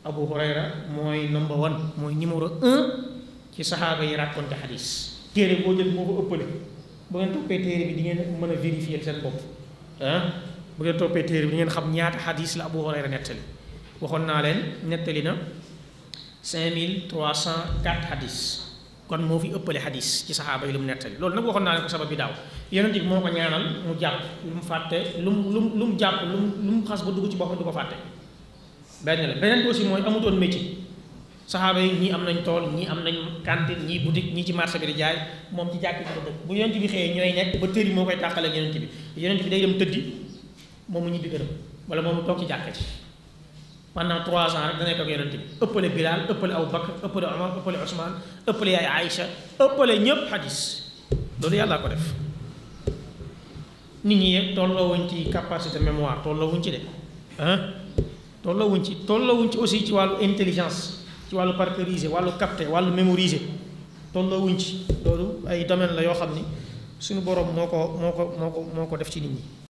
abu hurayra mooy number one mooy numéro un ci saxaaba yi raconté xadis téere boo jël moo ko ëppale bu ngeen toppee téere bi di ngeen mën a vérifier seen bopp ah bu ngeen toppee téere bi di ngeen xam ñaata xadis la abu hurayra nettali waxoon naa leen nettali na 5304 xadis kon moo fi ëppale xadis ci saxaaba yi lu mu nettali loolu nag waxoon naa leen ko sabab bi daaw yonent bi moo ko ñaanal mu jàpp lu mu fàtte lu mu lu mu jàpp lu lu mu xas ba dugg ci boppam benn la beneen bi aussi mooy amutoon métier saxaaba yi ñii am nañ tool ñii am nañu cantine ñii boutique ñii ci marché bi di jaay moom ci jàkk ji la dëkk bu yonent bi xëyee ñooy nekk ba tër yi koy tàqale ak yonent bi yonent bi day tëddi moom mu ñibbi këram wala moom mu toog ci jàkk ji pendant trois ans rek da nekk ak yonent bi ëppale Bilal ëppale Abu Bakr ëppale Omar ëppale Ousmane ëppale yaay Aïcha ëppale ñëpp xadis loolu yàllaa ko def nit ñi yeeg tolloowuñ ci capacité mémoire tolloowuñ ci de ah tollawuñ ci tollawuñ ci aussi ci wàllu intelligence ci wàllu parcourise wàllu capter wàllu mémoriser tollawuñ ci loolu ay domaine la yoo xam ni suñu boroom moo ko moo ko moo ko moo ko def ci nit ñi